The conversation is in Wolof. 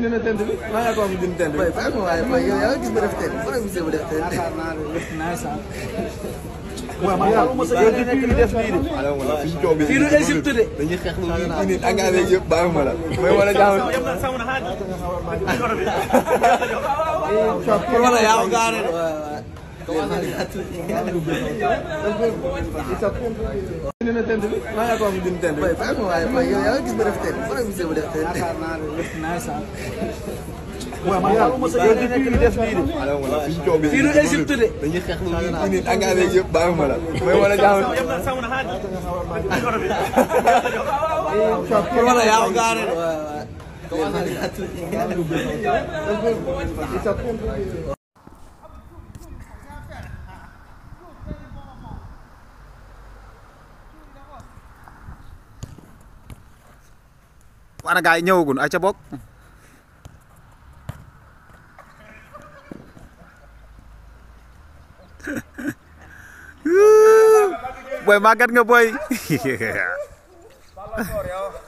ñu ne tent bi maa ngi ko am jëm tent bi waaye baax waaye ma yow yaa gis ma def tent ma gis ma def tent waaw maa ngi mos a yow depuis ñu def nii de fii du Égypte de dañuy xeex lu ñu nit engagé yëpp baax ma la may wala jaaxal pour wala yaa gaare de dina tent bi maa ngi ko dina tent fay fay waaye fay yow yaa gis ma def tent fay mu sebu def tent waaw man yàlla mos a yow depuis ñu def lii de. suñu coow bi dañuy xeex lu dañuy xeex lu ñu nit engagé yëpp bàyyi ma la. mooy wala jaamu. wala yaa ko ana gars yi ñëwagun ay ca bokk nga booy